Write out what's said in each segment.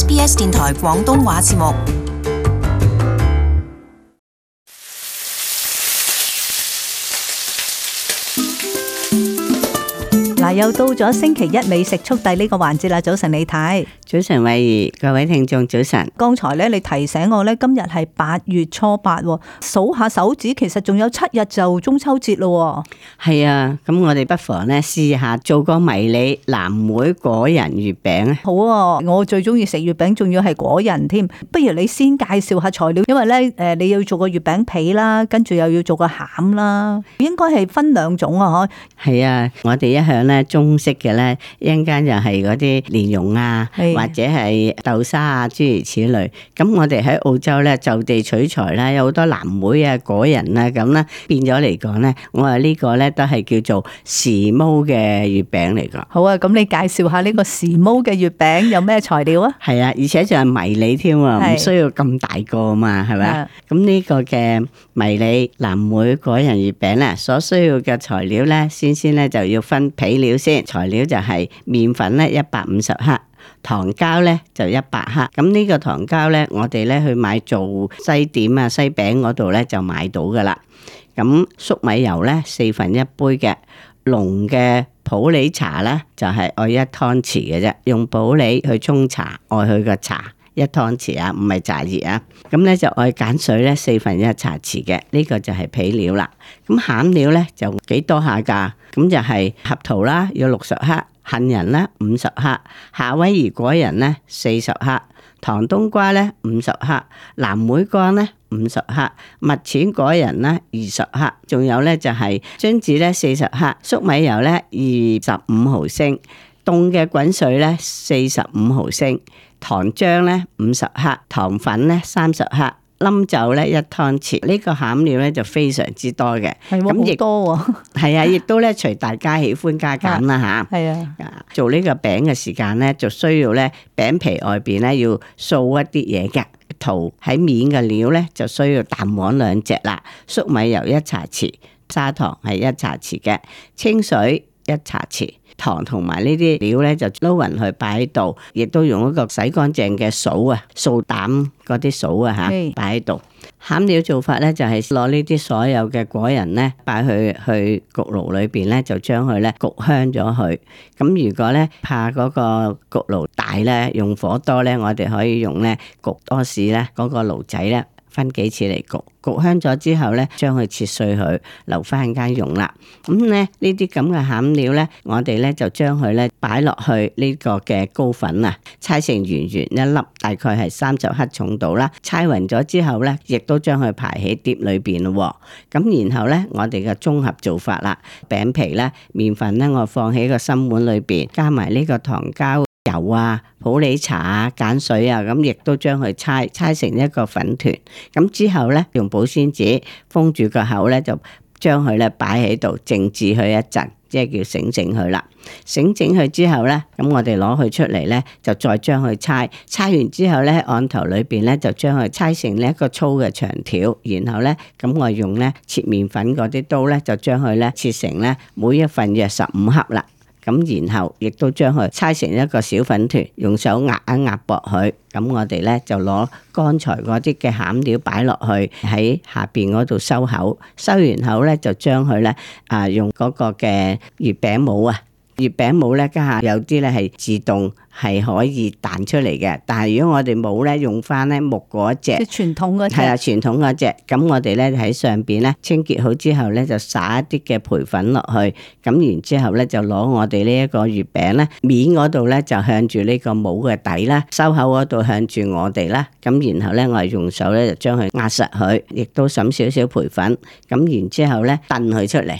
SBS 電台廣東話節目，嗱， 又到咗星期一美食速遞呢個環節啦！早晨你，你睇。早晨，惠怡，各位聽眾，早晨。剛才咧，你提醒我咧，今日係八月初八，數下手指，其實仲有七日就中秋節咯。係啊，咁我哋不妨咧試下做個迷你藍莓果仁月餅啊。好啊，我最中意食月餅，仲要係果仁添。不如你先介紹下材料，因為咧，誒，你要做個月餅皮啦，跟住又要做個餡啦，應該係分兩種啊。嗬，係啊，我哋一向咧中式嘅咧，一陣間就係嗰啲蓮蓉啊。或者係豆沙啊，諸如此類。咁我哋喺澳洲咧就地取材啦，有好多藍莓啊、果仁啊咁啦，變咗嚟講咧，我話呢個咧都係叫做時髦嘅月餅嚟㗎。好啊，咁你介紹下呢個時髦嘅月餅有咩材料啊？係 啊，而且仲係迷你添喎，唔需要咁大個嘛，係咪啊？咁呢個嘅迷你藍莓果仁月餅咧，所需要嘅材料咧，先先咧就要分皮料先，材料就係麵粉咧一百五十克。糖膠呢就一百克，咁呢個糖膠呢，我哋呢去買做西點啊、西餅嗰度呢就買到噶啦。咁粟米油呢，四分一杯嘅濃嘅普洱茶呢，就係愛一湯匙嘅啫，用普洱去沖茶，愛佢個茶。一湯匙啊，唔係炸熱啊，咁咧就愛鹼水咧四分一茶匙嘅，呢、這個就係皮料啦。咁餡料咧就幾多下噶？咁就係合桃啦，要六十克；杏仁咧五十克；夏威夷果仁咧四十克；糖冬瓜咧五十克；藍莓乾咧五十克；蜜餞果仁咧二十克。仲有咧就係、是、榛子咧四十克，粟米油咧二十五毫升。凍嘅滾水咧，四十五毫升；糖漿咧五十克，糖粉咧三十克，冧酒咧一湯匙。呢個餡料咧就非常之多嘅，咁亦多喎。係啊，亦都咧隨大家喜歡加減啦吓。係 啊，啊做呢個餅嘅時間咧，就需要咧餅皮外邊咧要掃一啲嘢嘅，塗喺面嘅料咧就需要蛋黃兩隻啦，粟米油一茶匙，砂糖係一茶匙嘅清水。一茶匙糖同埋呢啲料咧就撈匀去擺喺度，亦都用一個洗乾淨嘅掃啊掃膽嗰啲掃啊吓擺喺度。餡料做法咧就係攞呢啲所有嘅果仁咧擺去去焗爐裏邊咧就將佢咧焗香咗去。咁如果咧怕嗰個焗爐大咧用火多咧，我哋可以用咧焗多士咧嗰個爐仔咧。分幾次嚟焗，焗香咗之後咧，將佢切碎佢，留翻間用啦。咁咧呢啲咁嘅餡料咧，我哋咧就將佢咧擺落去呢個嘅糕粉啊，搓成圓圓一粒，大概係三十克重度啦。搓匀咗之後咧，亦都將佢排喺碟裏邊喎。咁然後咧，我哋嘅綜合做法啦，餅皮咧，麵粉咧，我放喺個深碗裏邊，加埋呢個糖膠。油啊、普洱茶啊、鹼水啊，咁亦都將佢搓搓成一個粉團。咁之後呢，用保鮮紙封住個口呢，就將佢呢擺喺度靜置佢一陣，即係叫醒醒佢啦。醒醒佢之後呢，咁我哋攞佢出嚟呢，就再將佢搓。搓完之後呢，案頭裏邊呢，就將佢搓成呢一個粗嘅長條，然後呢，咁我用呢切麵粉嗰啲刀呢，就將佢呢切成呢每一份約十五克啦。咁然後亦都將佢搓成一個小粉團，用手壓一壓薄佢。咁我哋咧就攞剛才嗰啲嘅餡料擺落去，喺下面嗰度收口。收完口咧就將佢咧用嗰個嘅月餅模啊。月餅模咧，家下有啲咧係自動係可以彈出嚟嘅。但係如果我哋冇咧用翻咧木嗰隻，傳統嗰隻，係啊傳統嗰隻。咁我哋咧喺上邊咧清潔好之後咧，就撒一啲嘅培粉落去。咁然之後咧，就攞我哋呢一個月餅咧面嗰度咧，就向住呢個模嘅底啦，收口嗰度向住我哋啦。咁然後咧，我哋用手咧就將佢壓實佢，亦都撒少少培粉。咁然之後咧，掟佢出嚟。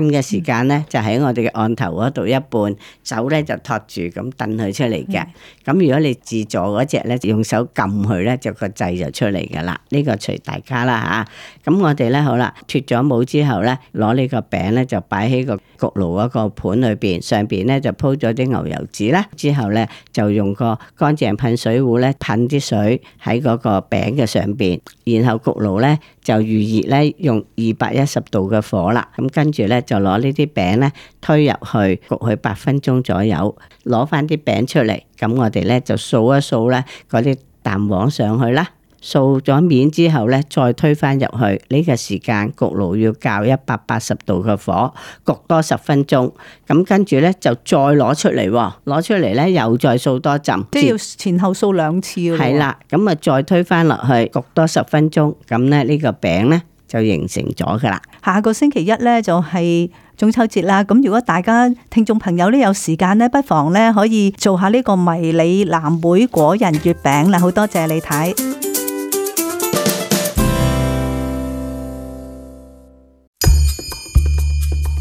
燉嘅時間咧，就喺我哋嘅案頭嗰度一半，手咧就托住咁燉佢出嚟嘅。咁、嗯、如果你自助嗰隻咧，用手撳佢咧，就個掣就出嚟㗎喇。呢、呢個隨大家啦吓，咁、啊、我哋咧好啦，脫咗帽之後咧，攞呢個餅咧就擺喺個焗爐嗰個盤裏邊，上邊咧就鋪咗啲牛油紙啦。之後咧就用個乾淨噴水壺咧噴啲水喺嗰個餅嘅上邊，然後焗爐咧。就預熱咧，用二百一十度嘅火啦。咁跟住咧，就攞呢啲餅咧，推入去焗佢八分鐘左右。攞翻啲餅出嚟，咁我哋咧就掃一掃啦，嗰啲蛋黃上去啦。掃咗面之後咧，再推返入去，呢個時間焗爐要較一百八十度嘅火，焗多十分鐘。咁跟住咧就再攞出嚟，攞出嚟咧又再掃多浸，即係要前後掃兩次。係啦，咁啊再推返落去焗多十分鐘，咁咧呢個餅咧就形成咗㗎喇。下個星期一咧就係中秋節啦。咁如果大家聽眾朋友都有時間咧，不妨咧可以做下呢個迷你藍莓果仁月餅啦。好多謝你睇。